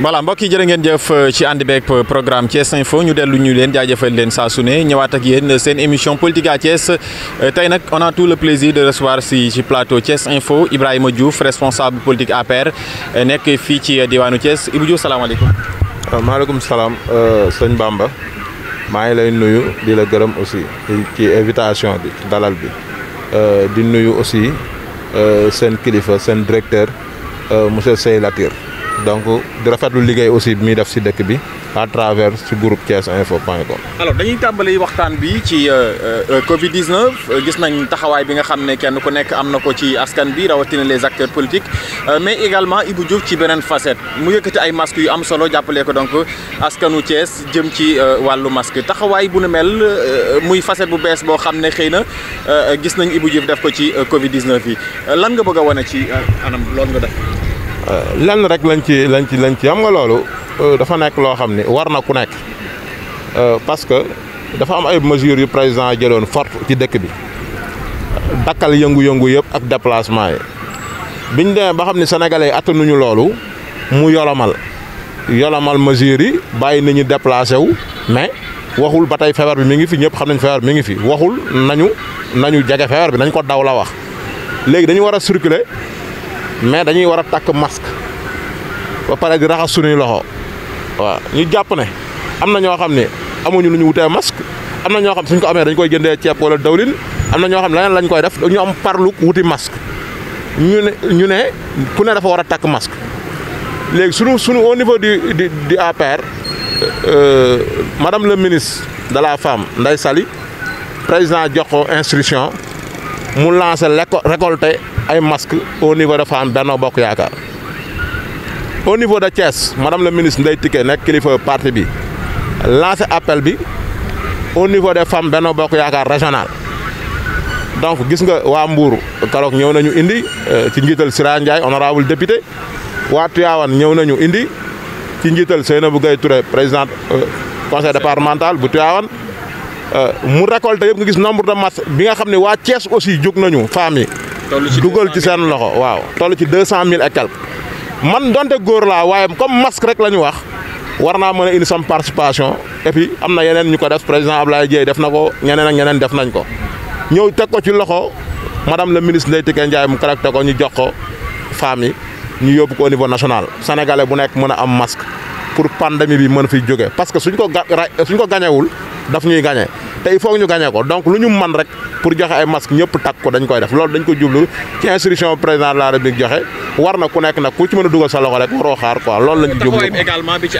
voilà mbokk yi jërë ngeen jëf euh, ci ànd beeg euh, programme Thiès Info ñu dellu ñu leen jaajëfal leen saa su ne ñëwaat ak yéen euh, seen émission politique à tey nag on a tout le plaisir de recevoir si ci plateau Thiès Info Ibrahima Diouf responsable politique APR nekk fii ci diwaanu Thiès Ibou Diouf maaleykum salaam sëñ Bamba maa ngi lay nuyu di la gërëm aussi ci invitation bi dalal bi di nuyu aussi seen kilifa seen directeur. Euh, monsieur Sey Latir donc di rafetlu liggéey aussi bi muy def si dëkk bi à travers ci group Thiès Info point com. alors dañuy tàmbali waxtaan bi ci euh, euh, Covid 19 gis nañ taxawaay bi nga xam ne kenn ku nekk am na ko ci askan bi rawatina les acteurs politiques mais également Ibou Diouf ci beneen facette mu yëkkati ay masques yu am solo jàppale ko donc askanu Thiès jëm ci wàllu masque taxawaay bu nu mel muy facette bu bees boo xam ne xëy na gis nañ Ibou Diouf def ko ci Covid 19 lan nga bëgg a wane ci anam loolu nga def. Euh, lenn rek lañ ci lañ ci lañ ci am nga loolu euh, dafa nekk loo xam ni war na ku nekk euh, parce que dafa am ay mesures yu président jëloon forte ci dëkk bi dakkal yëngu-yëngu yëpp ak déplacement yi biñ demee ba xam ni sénégalais yi attanuñu loolu mu yolomal yolomal mesures yi bàyyi nañu déplacé wu mais waxul ba tey feebar bi mi ngi fi ñëpp xam nañ feebar mi ngi fi waxul nañu nañu jege feebar bi nañ ko daw la wax léegi dañu war a circuler mais dañuy war a takk masque ba pare di raxas suñuy loxo waaw ñu jàpp ne am na ñoo xam ne amuñu lu ñu wutee masque am na ñoo xam suñ ko amee dañ koy jëndee ceeb wala dawlin am na ñoo xam ne leneen lañ koy def dañu am parlu wuti masque ñu ne ñu ne ku ne dafa war a takk masque léegi sunu sunu au niveau di du du APR euh, euh, madame le ministre de la femme Ndeye Saly président jox ko instruction mu lancer récolté. ay masques au niveau de Fane Benno Bokk Yaakaar au niveau de Thiès madame la ministre Ndeye Tické nekk kilifa parti bi lancé appel bi au niveau des femmes Benno Bokk Yaakaar régional donc gis nga waa Mbour karoog ñëw nañu indi euh, ci njiital Sira Ndiaye honorable député waa Tuyaawan ñëw nañu indi ci njiital Seynabou Gaye Touré président euh, conseil départemental bu Tuyaawan euh, mu récolté yëpp nga gis nombre da masques bi nga xam ne waa Thiès aussi jóg nañu femmes yi dugal ci seen loxo waaw toll ci deux cent mille et quelque man donte góor laa waaye comme masque rek la ñu wax war naa mën a indi sam participation et am na yeneen ñi ko def président Ablaye Dieye def na ko ñeneen ak ñeneen def nañ ko ñëw teg ko ci loxo madame la ministre Ndeye Tické Ndiaye mu correcté ko ñu jox ko femmes yi ñu yóbbu ko niveau national sénégalais bu nekk mën a am masque pour pandémie bi mën fi jóge parce que suñ ko ga suñ ko gañewul daf ñuy gañe te il faut ñu gagné ko donc lu ñu man rek pour joxe ay masque ñëpp takk ko dañ koy def loolu dañ ko jublu ci instruction président la république joxe war na ku nekk na ku ci mën a dugal sa loxo rek waroo xaar quoi loolu lañ jublu également bi ci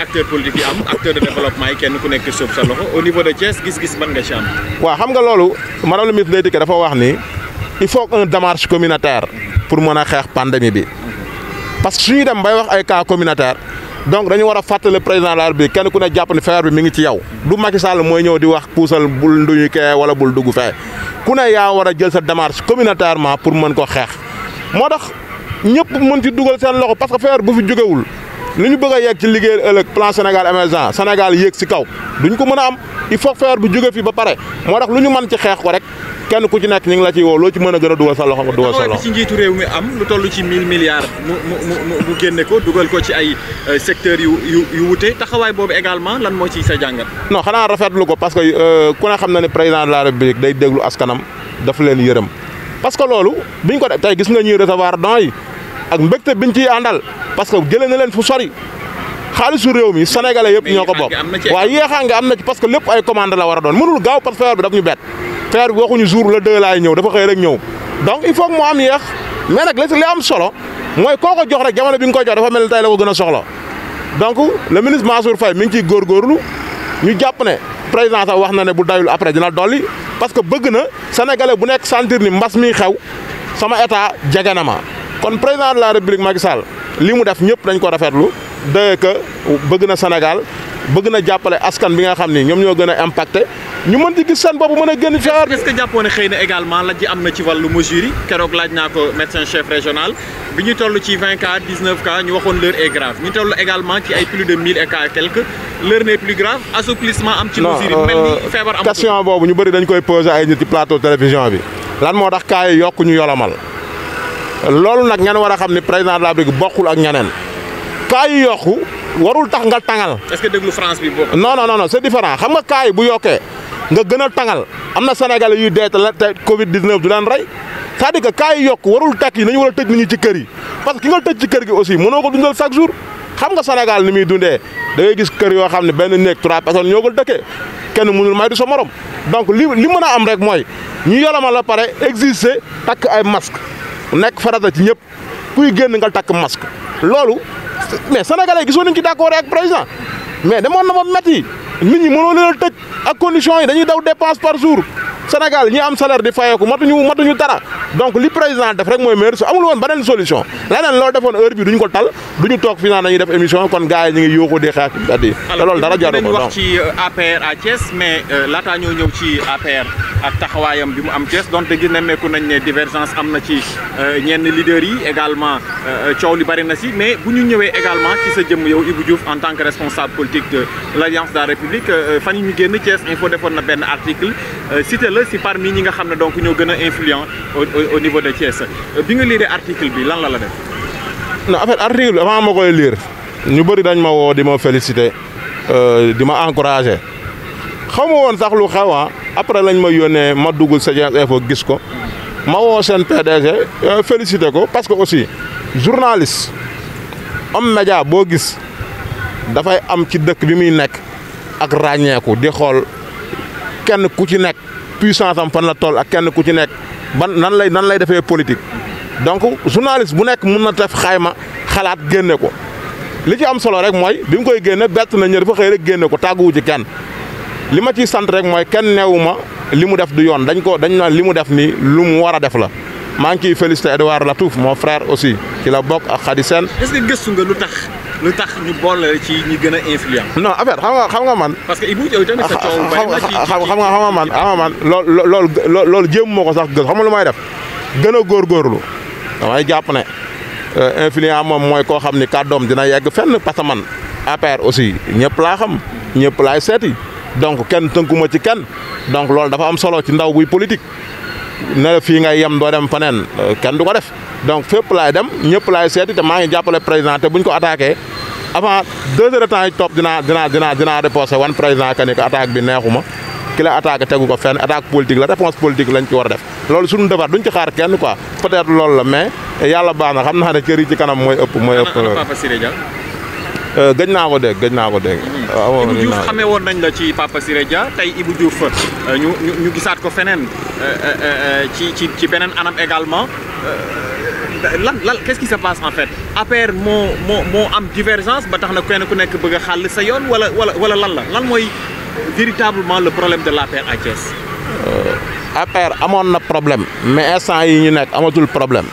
kenn ku nekk suuf sa loxo au niveau de nga ci am waaw xam dafa wax ni il faut une démarche communautaire pour mën a xeex pandémie bi parce que suñuy dem mbay wax ay cas communautaire donc dañu war a fàttali président de la République kenn ne jàpp ne feebar bi mi ngi ci yow du Macky Sall mooy ñëw di wax puusal bul nduñu kee wala bul dugg fee ku ne yaa war a jël sa démarche communautairement pour mën ko xeex moo tax ñëpp mën ti dugal seen loxo parce que feebar bu fi li ñu bëgg a yegg ci liggéey ëllëg plan Sénégal émergent Sénégal yéeg si kaw duñ ko mën a am il faut faire bu jóge fii ba pare moo tax lu ñu mën ci xeex ko rek kenn ku ci nekk ñu ngi la ci woo loo ci mën a gën a dugal sa loxo nga dugal sa loxo ci njiitu réew mi am lu toll ci 1000 milliards mu mu mu génne ko dugal ko ci ay euh, secteurs yu yu yu wute taxawaay boobu également lan moo ci sa jàngat. no xanaa rafetlu ko parce que euh, ku ne xam na ne président de la république day déglu askanam dafa leen yërëm parce que loolu biñ ko def tey gis nga ñuy recevoir dons yi ak mbégte biñ ciy àndal parce que jëlee na leen fu sori xaalisu réew mi senegale yëpp ñoo ko bokk waaw yeexaa nga am na ci parce que lépp ay commande la war a doon mënul gaaw parce que feebar bi daf ñu bett feebar bi waxuñu jour la deux laay ñëw dafa xëy ñëw donc il faut que mu am yeex mais nag li am solo mooy kooko ko jox rek jamono bi nga koy jox dafa mel ni tey la ko gën a soxla donc le ministre Mansour Faye mi ngi góor góorgóorlu ñu jàpp ne président sax wax na ne bu dayul après dina dolli parce que bëgg na sénégalais bu nekk sentir ni mbas mi xew sama état jege na kon président de la république Macky Sall li mu def ñëpp dañ ko rafetlu dayee que bëgg na Sénégal bëgg na jàppale askan bi nga xam ni ñoom ñoo gën a impacte ñu mën di gis seen bopp mën a génn fexaar est que jàppoo ne xëy na également la ji am na ci wàllu mesure yi keroog laaj naa ko médecin chef régional bi ñu toll ci 20 cas 19 cas ñu waxoon l'heure est grave ñu toll également ci ay plus de 1000 et cas quelques l'heure plus grave assouplissement am ci mesure yi mel euh, feebar am question boobu ñu bëri dañ koy posé ay nit ci plateau télévision bi lan moo tax cas yokk ñu yolomal loolu nag ngeen war a xam ni président de la République bokkul ak ñeneen kaa yu yokku warul tax nga tangal. est-ce que déglu France bi bokk. non non non c'est différent xam nga kaa yi bu yokkee nga gën a tangal am na senegal yu dee la te Covid 19 du leen rey c'est-à-dire que kaa yu yokku warul takk yi nañu war a tëj nit ñi ci kër yi parce que ki nga tëj ci kër gi aussi mënoo ko dundal chaque jour xam nga Sénégal ni muy dundee da gis kër yoo xam ne benn néeg trois personnes ñoo ko dëkkee kenn mënul may du sa morom donc li li mën a am rek mooy ñu yolomal la pare exister takk ay masque nekk farata ci ñëpp kuy génn nga takk masque loolu mais sénégalais gisoo nañ ci d'accord ak président mais demoon na ba metti nit ñi mënoo leen a tëj ak conditions yi dañuy daw dépense par jour Sénégal ñi am salaire di fayeeku matuñu matuñu dara donc li président def rek mooy meilleur su amul woon beneen solution leneen loolu defoon heure bi duñ ko tal duñu toog fi naan dañuy def émission kon gars yi ñu ngi yóoxoo di xeex at yi te loolu dara jaru ko wax ci euh, APR euh, laataa ñoo ñëw ci APR ak taxawaayam bi mu am Thiès donte gis nemmeeku nañ ne divergence am na ci euh, ñenn leaders yi également coow li bari na si mais bu ñu ñëwee également ci sa jëm yow publique euh, fan yi génn Thiès Info defoon na benn article euh, cité la si parmi ñi nga xam ne donc ñoo gën a influent au niveau de Thiès euh, bi nga liire article bi lan la la def. non en fait article bi avant koy liir ñu bëri dañ ma woo di ma félicité di ma encouragé xaw ma woon sax lu xew ah. après lañ ma yónnee ma dugg sa Thiès Info gis ko ma woo seen PDG félicité ko parce que aussi journaliste homme média boo gis dafay am ci dëkk bi muy nekk. ak ràññeeku di xool kenn ku ci nekk puissance am fan la toll ak kenn ku ci nekk ban nan lay nan lay defee politique donc journaliste bu nekk mun na def xayma xalaat génne ko li ci am solo rek mooy bi mu koy génne bett na ñër fa xëy rek génne ko tàgguwu ci kenn li ma ciy sant rek mooy kenn neewu ma li mu def du yoon dañ ko dañ naan li mu def nii lu mu war a def la maa ngi ciy félicité la Latouf moo frère aussi ci la bokk ak Khady Sène. est gëstu nga lu tax. lu tax ñu boole ci ñi gën a influent. non affaire xam nga xam nga man. parce que Ibou Diaw tamit a coow bari na ci xam nga xam nga man xam nga man loolu loolu loolu moo ko sax gën xam nga lu may def gën a góorgóorlu damay jàpp ne euh, influent moom mooy koo xam ni kàddoom dina yegg fenn parce que man APR aussi ñëpp laa xam ñëpp laay seeti donc kenn tënkuma ci kenn donc loolu dafa am solo ci ndaw buy politique ne fii ngay yem doo dem faneen euh, kenn du ko def. donc fépp laay dem ñëpp laay seeti te maa ngi jàppale président te bu ko attaqué avant deux heures de temps yi topp dinaa dinaa dinaa wan président que attaque bi neexuma ki la attaqué tegu ko fenn attaque politique la réponse politique lañ ci war a def loolu suñu defar duñ ci xaar kenn quoi peut-être la mais yàlla baax na xam naa ne kër yi ci kanam mooy ëpp mooy ëpp euh, gëj naa ko dégg gëj naa ko dégg. Mhm. Euh, Ibou Diouf xamee woon nañ la ci Papa Siré Dia tey Ibou Diouf euh, ñu gisaat ko feneen ci ci ci beneen anam également. lan lan qu'est-ce qui se passe en fait APR moo moo moo am divergence ba tax na kenn ku nekk bëgg a xàll sa yoon wala wala lan la lan mooy véritablement le problème de l'APR à Thiès. Euh, APR amoon na problème mais instant yi ñu nekk amatul problème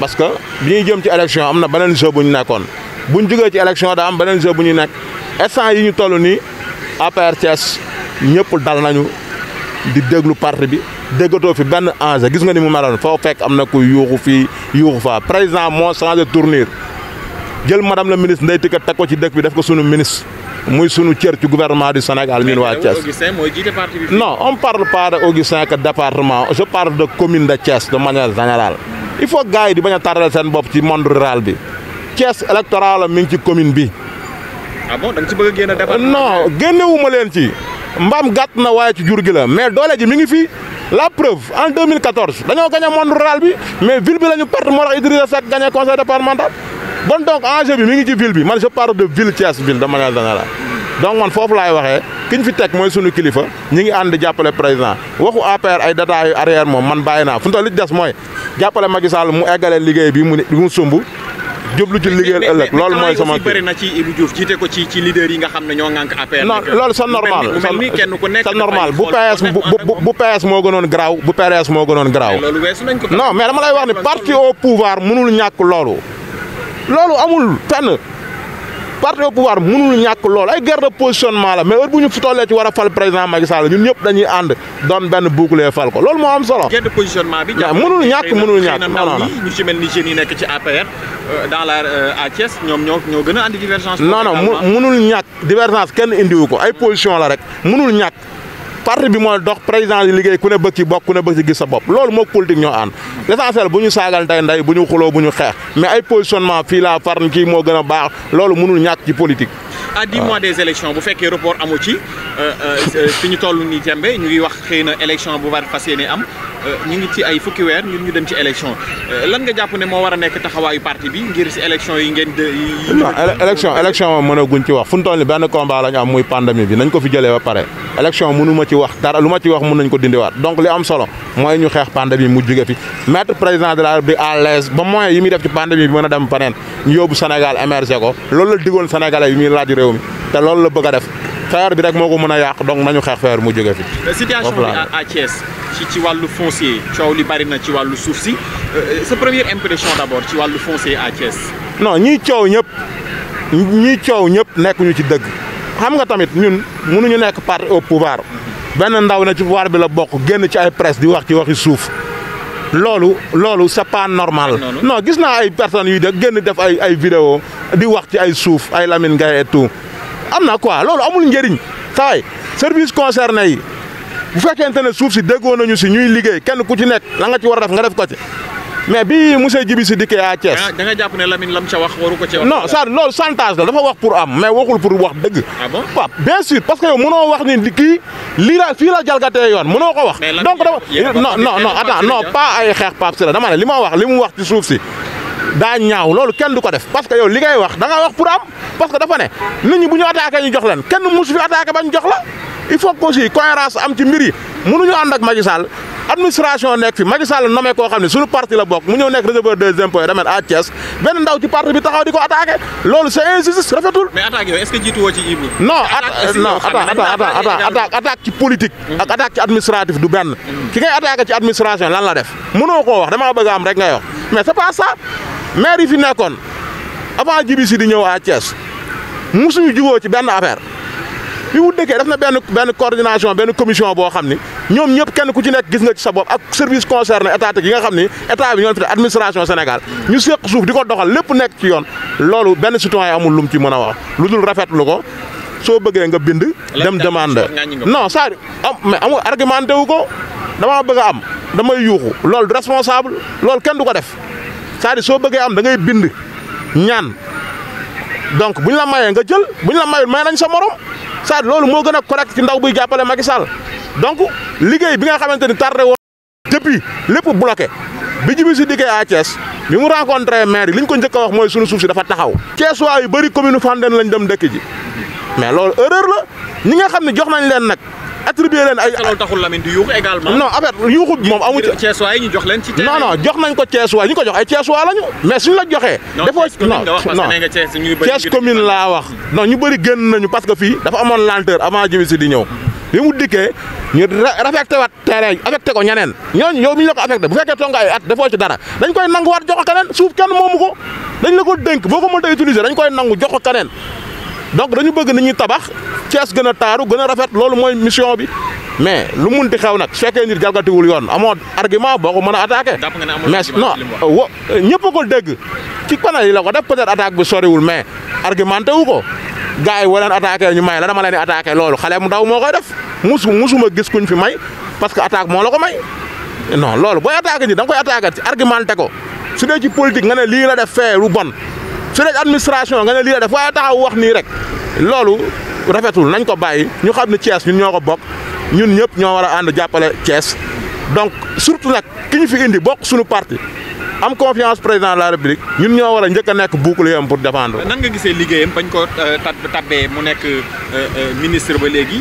parce que bi ñuy jëm ci élection am na beneen jeu bu ñu nekkoon bu ñu ci élection daa am beneen jeu bu ñu nekk instant yi ñu toll nii APR ñëpp dal nañu. di déglu parti bi déggatoo fi benn enjeu gis nga ni mu meloon foo fekk am na ku yuuxu fii yuuxu faa président moo changé tournure jël madame la ministre Ndeye Tické teg ko ci dëkk bi def ko sunu ministre muy sunu cër ci gouvernement du Sénégal ñun waa Thiès. non on parle pas de Augustin que département je parle de commune de Thiès de manière générale. il faut gars yi di bañ a tardal seen bopp ci monde rural bi Thiès électoral la mi ngi ci commune bi. ah bon da nga ci ma leen ci. mbaam gàtt na waaye ci jur gi la mais doole ji mi ngi fi la preuve en 2014 dañoo gagné monde rural bi mais ville bi la ñu perte moo tax Idrissa Seck gagné conseil bon donc enjeu bi mi ngi ci ville bi man je parle de ville Thiès ville de manière générale donc man foofu laay waxee ki ñu fi teg mooy sunu kilifa ñi ngi ànd jàppale président waxu APR ay data yu moom man bàyyi naa fu mu toll li des mooy jàppale Macky Sall mu eggalee liggéey bi mu mu sumb. jublu ci liggéeyal ëllëg loolu mooy sama bu PS moo gënoon garaaw bu PDS moo gënoon garaaw non ni parti au pouvoir mënul ñàkk loolu loolu amul fenn parti au pouvoir mënul ñàkk lool ay guerre de positionnement la mais heure bu ñu fi tollee ci war a fal président Macky ñun ñëpp dañuy ànd doon benn bouclier fal ko loolu moo am solo. guerre de positionnement bi. mënul ñàkk mënul ñàkk non non ñu euh, euh, ñoom ñoo ñoo gën a andi divergence. non non mënul ñàkk divergence kenn indiwu ko ay position la rek mënul ñàkk. parti bi mooy dox président di liggéey ku ne bëgg ci bokk ku ne bëgg ci gis sa bopp loolu moog politique ñoo ànd l'essentiel bu ñu saagal ndey ndey bu ñu xuloo bu ñu xeex mais ay positionnement fii laa farn kii moo gën a baax loolu mënul ñàkk ci politique. à dix mois des élections bu fekkee report amu ci euh, euh, fi ñu toll nii jembe ñu ngi wax xëy na élection bu war fas yéene am. ñu ngi ci ay fukki weer ñun ñu dem ci élection euh, lan nga jàpp ne moo war a nekk taxawaayu parti bi ngir si élection yi ngeen. de élection élection mën a guñ ci wax fu mu toll nii benn combat la ñu am muy pandémie bi nañ ko fi jëlee ba pare. élection mënu ma ci wax dara lu ma ci wax mun nañ ko dindiwaat donc li am solo mooy ñu xeex pandémie mu jóge fi mettre président de la République à l'aise ba moyen yi muy def ci pandémie bi mën dem paneen ñu yóbbu Sénégal émergé ko loolu la diggoon sénégalais yi muy laaj réew mi te loolu la bëgg def. xeer bi rek moo ko mën a yàq donc nañu xeex feer mu jóge fi. Euh, situation bi à ci wàllu foncier coow li bari na ci wàllu suuf si euh, sa première impression ci wàllu foncier à non ñiy coow ñëpp ñiy coow ñëpp nekkuñu ci dëgg xam nga tamit ñun mënuñu nekk parti au pouvoir benn ndaw na ci pouvoir bi la bokk génn ci ay presse di wax ci waxi suuf. loolu loolu c'est pas normal non gis naa ay personnes yuy def génn def ay ay vidéo di wax ci ay suuf ay Lamine Gaye et am na quoi loolu amul njëriñ saay service concerné yi bu fekkente ne suuf si déggoo nañu si ñuy liggéey kenn ku ci nekk la nga ci war a def nga def ko ci mais bi monsieur Djibi si dikkee a Thiès. Ah, da nga jàpp ne Lamine lam ca wax waru ko ca wax. non ça loolu chantage la dafa wax pour am mais waxul pour wax dëgg. ah bon waaw bien sûr parce que yow mënoo wax ni kii lii la fii la jalgatee yoon mënoo ko wax. donc dafa non non non attends non pas ay xeex Pape Sira dama ne li ma wax li mu wax ci suuf si. daa ñaaw loolu kenn du ko def parce que yow li ngay wax da nga wax pour am parce que dafa ne nit ñi bu ñu attaqué ñu jox leen kenn musu fi attaqué bañ jox la il faut que aussi cohérence am ci mbir yi mënuñu ànd ak Macky administration nekk fi Macky Sall nommé xam ne suñu parti la bokk mu ñëw nekk receveur des impôts damay à benn ndaw ci parti bi taxaw di ko attaqué loolu c'est injustice rafetul. mais attaque yooyu est-ce que ci Ibou. non ci administratif du benn. Mm. ki ngay maire yi fi nekkoon avant jibi si di ñëw à Thiès musuñu juboo ci benn affaire bi mu dëkkee def na benn benn coordination benn commission boo xam ni ñoom ñëpp kenn ku ci nekk gis nga ci sa bopp ak service concerné étatique yi nga xam ni état bi ñoo fi administration Sénégal ñu seq suuf di ko doxal lépp nekk ci yoon loolu benn citoyen amul lum ci mën a wax lu dul rafetlu ko soo bëggee nga bind. dem demande non ça am mais amul argumenté wu ko damaa bëgg a am damay yuuxu loolu responsable loolu kenn du ko def. cest à soo bëggee am da ngay bind ñaan donc bu ñu la mayee nga jël bu ñu la mayul may nañ sa morom cest à loolu moo gën a correct ci ndaw buy jàppale Macky Sall donc liggéey bi nga xamante ni tardé woon depuis lépp bloqué bi jibi si dikkee a Thiès bi mu rencontré maire yi li ñu ko njëkk wax mooy sunu suuf si dafa taxaw Thiès waa yu bëri commune Fandène lañ dem dëkk ji mais loolu erreur la ñi nga xam ne jox nañ leen nag attribué leen ay. loolu taxul Lamine di yuuxu également. non affaire yuuxu bi moom amu ci. Ceesuwaay yi ñu jox leen ci. non non jox nañ ko ñu ko jox ay Ceesuwaay lañu. mais suñu la joxee. defoo non commune laa wax. non ñu bëri génn nañu parce que dafa amoon lenteur avant jiw si di bi mu dikkee ñu affecté waat terrain affecté ko ñeneen ñooñu yow mi ñu la ko affecté bu fekkee toog at defoo ci dara dañ koy nanguwaat jox ko keneen suuf kenn moomu ko dañ la ko boo ko mënta utiliser dañ koy nangu jox ko donc dañu bëgg nit ñi tabax Thiès gën a taaru gën a rafet loolu mooy mission bi mais lu mun di xew nag su fekkee nit jalgatiwul yoon amoo argument boo ko mën a attaqué. mais non wo ñëpp ko dégg ci panel yi la ko def peut-être attaque bi soriwul mais argumenté wu ko gars yi woo leen attaqué ñu may la dama leen di attaqué loolu xale mu daw moo koy def musu musuma gis kuñ fi may parce que attaque moo la ko may non loolu booy attaqué nit da nga koy attaqué ci argumenté ko su dee nga ne lii la def fee lu bon. su dee administration nga ne lii def waaye wax nii rek loolu rafetul nañ ko bàyyi ñu xam ne Thiès ñun ñoo ko bokk ñun ñëpp ñoo war a ànd jàppale Thiès donc surtout nag ki ñu fi indi bokk sunu parti am confiance président la république ñun ñoo war a njëkk a nekk bouclier am pour défendre. nan nga gise liggéeyam bañ ko euh, tabbee mu nekk euh, euh, ministre ba léegi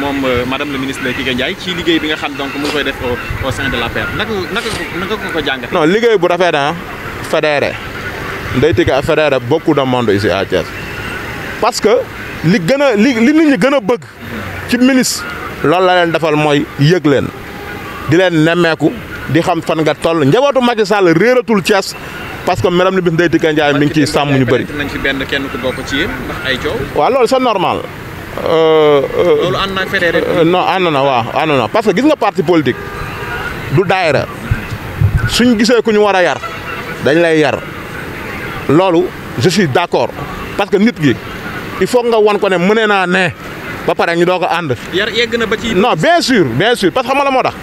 moom madame la ministre Kika Ndiaye ci liggéey bi nga xam donc mu koy def au sein de l'APR naka naka naka ko ko jàngatee. non liggéey bu rafet ah fédéré. Ndeye Tické Ferreira a beaucoup de monde ici à Thiès parce que li gën a li li nit ñi gën a bëgg ci ministre loolu la leen defal mooy yëg leen di leen nemmeeku di xam fan nga toll njabootu Macky Sall réeratul Thiès parce que madame le ministre Ndeye Tické Ndiaye mi ngi ciy sàmm ñu bëri. nañ ci benn kenn ku bokk ci yéen ndax ay coow. waaw loolu c'est normal. Euh, euh, loolu ànd naa Ferreira. non ànd na waaw ànd parce que gis nga parti politique du daayira suñ gisee ku ñu war a yar dañ lay yar. loolu je suis d' accord parce que nit gi il faut nga wan ko ne mënee naa ne ba pare ñu doog ko ànd. yar yegg na ba ci. non bien sûr bien sûr parce que xam nga moo tax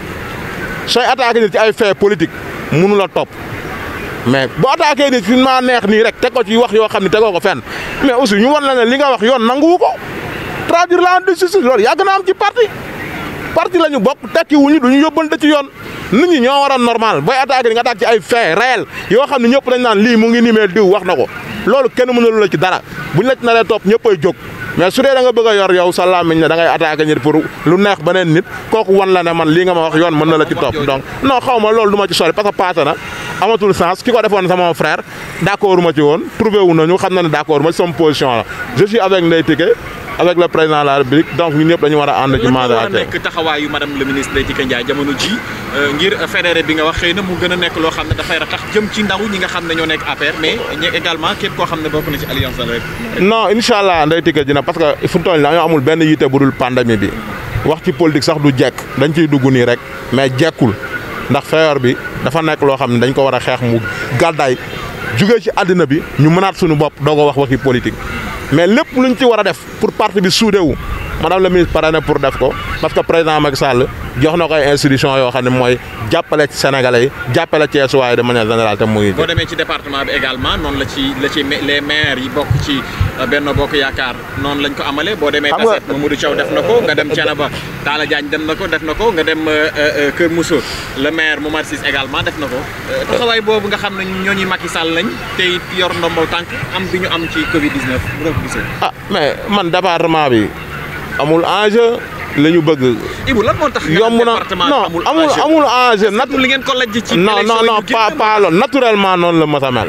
sooy attaqué nit ci ay fait politique mënu la topp mais boo attaqué nit fi maa neex nii rek teg ko ci wax yoo xam ne tegoo ko fenn mais aussi ñu wan na leen li nga wax yoon nanguwu ko traduire la en justice loolu yàgg na ci parti. parti la ñu bokk tekki ñu duñu yóbbante ci yoon nit ñi ñoo war normal booy attaqué di nga attaqué ci ay fait réel yoo xam ne ñëpp dañ naan lii mu ngi nimee diw wax na ko loolu kenn mënalu la ci dara buñ la ci naree topp ñëppay jóg mais su dee da nga a yor yow sa làmmiñ ne da ngay attaqué nit pour lu neex beneen nit kooku wan la ne man lii nga ma wax yoon mën na la ci topp donc non xaw ma loolu du ma ci sori parce que passé na amatul sens ki ko defoon sama frère d' ci woon trouvé wu nañu xam na ne d' ci sama position la je avec Ndeye Tické avec le président de la République donc ñun ñëpp dañu war a ànd ci mandat taxawaayu madame le ministre Ndeye Tické Ndiaye jamono ji euh, ngir fédéré loo xam ne dafay ratax jëm ci ndaw ñi nga xam ne ñoo nekk ne bokk parce que fu toll dañoo amul benn yitte bu dul pandémie bi wax ci politique sax du jekk dañ ciy dugg nii rek mais jekkul ndax feebar bi dafa nekk loo xam ne dañ ko war a xeex mu gàddaay jugee ci àddina bi ñu mënaat suñu bopp doo ko wax waxi politique. mais lépp luñ ci war a def pour parti bi soudé wu madame la ministre pare na pour def ko parce que président Macky Sall. jox na ko ay institution yoo xam ne mooy jàppale ci sénégalais yi jàppale ci Cees waaye de manière générale tam muy. boo demee ci département bi également noonu la ci la ci les maires yi bokk ci euh, Benno Bokk Yaakaar noonu lañ ko amalee. boo demee Tassette Mamadou Thiaw def na ko nga dem Thiénaba Talla Diagne dem na ko def na ko nga dem euh, euh, Kër Moussa le maire mu Cissé également def na ko taxawaay boobu nga xam ne ñooñu Macky Sall lañ te it yor ndombal tànk am bi ñu am ci Covid 19 bu la ko gisee. ah mais man département bi la ñu bëgg. Ibou lan yomb na non amul amul enjeu. natu li ngeen ko lajj ci non non non pas naturellement noonu la mos a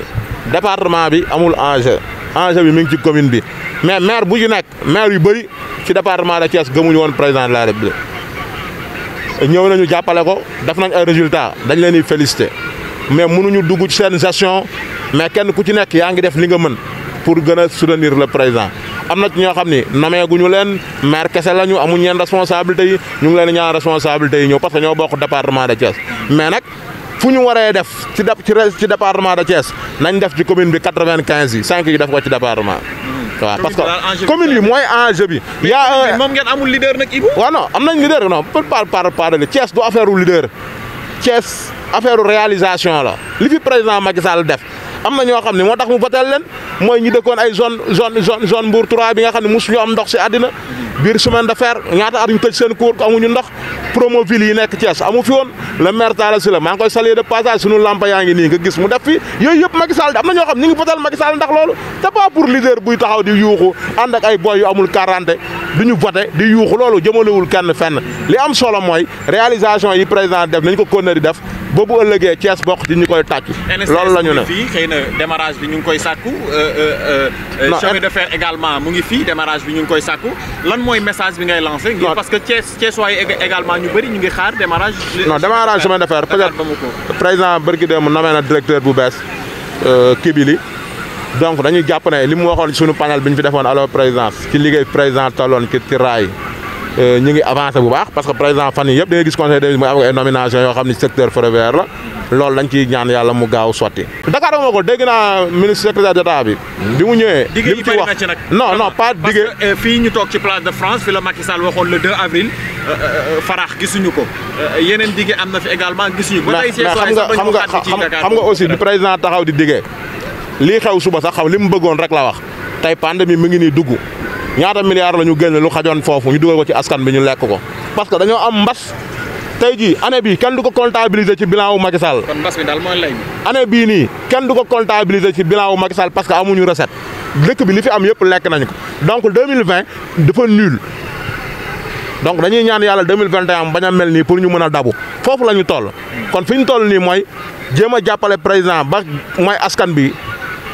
département bi amul enjeu enjeu bi mi ngi ci commune bi mais maire bu ci nekk maire yu bëri ci département de Thiès gëmuñu woon président de la République ñëw nañu jàppale ko def nañ ay résultat dañ leen di féliciter mais munuñu dugg ci seen gestion mais kenn ku ci nekk yaa ngi def li nga mën pour gën a soutenir le président. am na ci ñoo xam ni namee guñu leen maire kese la ñu ñeen yenn responsabilité yi ñu ngi leen di ñaan responsabilité yi ñëw parce que ñoo bokk département de Thiès mais nag fu ñu waree def ci ci département de Thiès nañ def ci commune bi quatre-vingt-quinze yi cinq yi def ko ci département waaw parce que commune yi mooy enjeu bi. yaa moom ngeen amul leader nag Ibou. waaw am nañ leader non par par par de Thiès du affaire leader Thiès affaire réalisation la li fi président Macky Sall def. am na ñoo xam ne moo tax mu bateel leen mooy ñu dëkkoon ay zone zone zone zone nga xam ne mosuñu am ndox si àddina at ñu tëj seen cour amuñu ndox promoville amu fi woon le maire Talla Sylla maa ngi koy saluer de passage sunu lampa mu def na ñoo xam ñu ngi bateel Macky Sall ndax loolu te pas pour leader buy taxaw di yuuxu ànd ak ay boy yu amul ñu voté di yuuxu loolu jëmalewul kenn fenn li am solo mooy réalisation yi président def nañ ko continuer def ba bu ëllëgee Thiès bokk ci ñu koy tàcc. lool la ñu ne fii xëy na démarrage bi ñu ngi koy sàkku. Euh, euh, euh, chemin de mu ngi fii démarrage bi ñu ngi koy sàkku lan mooy message bi ngay lancé. ngir parce que Thiès Thiès waaye également ñu bëri ñu ngi xaar démarrage. non démarrage chemin de fer peut-être président Berkut mu namee na directeur bu bees Kibili. donc dañuy jàpp ne li mu waxoon suñu panel bi ñu fi defoon alors présidence ci liggéey président taloon ci ci raay Euh, ñu ngi avancé bu baax parce que président fan yii yëpp da ngay gis conseil des ministres muy am ay nomination yoo xam ni secteur ferroviaire la loolu lañ ciy ñaan yàlla mu gaaw sotti. Dakar ba ma ko dégg naa ministre secrétaire d'État bi. bi mu ñëwee. li mu ci wax non non pas diggé. parce euh, fii ñu toog ci place de France fi la Macky Sall waxoon le 2 avril. Euh, Farax gisuñu ko. yeneen diggé am na fi également gisuñu ko. ba tey see xam nga xam nga aussi bi président taxaw di diggé. lii xew suba sax xaw li mu bëggoon rek la wax. tey pandémie mi ngi nii dugg ñaata milliards la ñu génne lu xajoon foofu ñu dugal ko ci askan bi ñu lekk ko parce que dañoo am mbas tey jii année bi kenn du ko comptabiliser ci bilan wu Macky Sall. kon mbas bi nii kenn du ko ci bilan wu Macky Sall que amuñu recette dëkk bi li fi am yëpp lekk nañ ko donc 2020 dafa nul donc dañuy ñaan yàlla 2021 bañ a mel nii pour ñu mën a dabu foofu la ñu toll. kon fi ñu toll nii mooy jéem a jàppale président ba mooy askan bi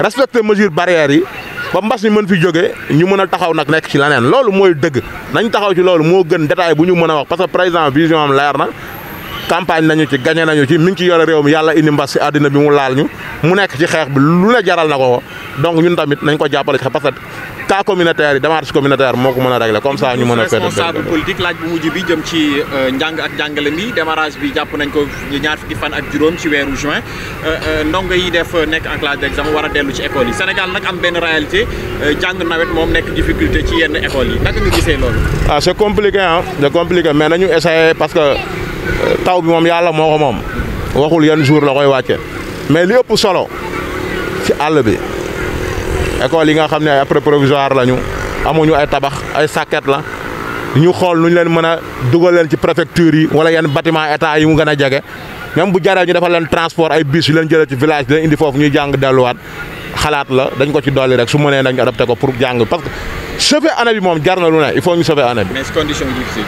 respecter mesures barrières yi. ba mbas mi mën fi jógee ñu mën a taxaw nag nekk ci leneen loolu mooy dëgg nañ taxaw ci loolu moo gën détail bu ñu mën a wax parce que président vision am leer campagne nañu ci gagné nañu ci mi ngi ci yore réew mi yàlla indi mbas si àddina bi mu laal ñu mu nekk ci xeex bi lu ne jaral na ko donc ñun tamit nañ ko jàppale ci parce que communautaire yi démarche communautaire moo ko mën a régler comme ça ñu a responsable politique laaj bu mujj bi jëm ci euh, njàng jàpp nañ ko ñaar fukki fan ak juróom ci weeru juin euh, euh, ndongo yi def nekk en classe d'examen war a dellu ci école yi Sénégal nag am benn réalité jàng nawet moom nekk difficulté ci yenn école yi naka nga gisee loolu ah c'est compliqué ah c'est compliqué mais nañu essayé taw bi moom yàlla moo ko moom waxul yenn jour la koy wàcce mais li ëpp solo ci àll bi école yi nga xam ne ay abris provisoires lañu amuñu ay tabax ay sàkket la ñu xool nu ñu leen mën a dugal leen ci préfecture yi wala yenn bâtiment état yi mu gën a jege même bu jaree ñu defal leen transport ay bis yu leen jëlee ci village di leen indi foofu ñuy jàng delluwaat xalaat la dañ ko ci dolli rek su mënee nañ adapté ko pour jàng parce sauver année bi moom jar na il faut ñu sauver année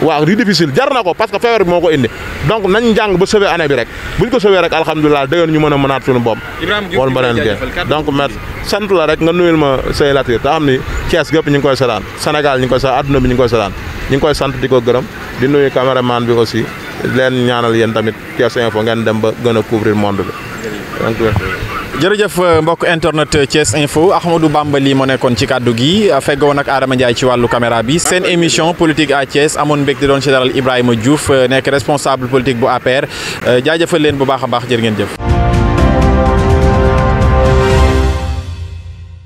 waaw di difficile jar ko parce que feebar bi moo ko indi donc nañ njàng ba sauver année bi rek buñ ko sauver rek alhamdulilah dayoon ñu mën a mënaat suñu bopp. wala beneen bi donc merci sant rek nga nuyul ma say latir te xam ni Thiès ñu ngi koy seetaan Sénégal ñu ngi koy seetaan adduna bi ñu ngi koy seetaan ñu koy sant di ko gërëm di nuyu caméraman bi aussi leen ñaanal yéen tamit Thiès Info ngeen dem ba gën a couvrir monde jërëjëf euh, mbokk internet euh, Thiès Info Ahmadou Bamba lii moo nekkoon ci kàddu gi euh, feggoon ak Adama Ndiaye ci wàllu caméra bi seen émission politique à Thiès amoon mbég di doon ci dalal Ibrahima Diouf nekk responsable politique bu APR jaajëfal leen bu baax a baax jër ngeen jëf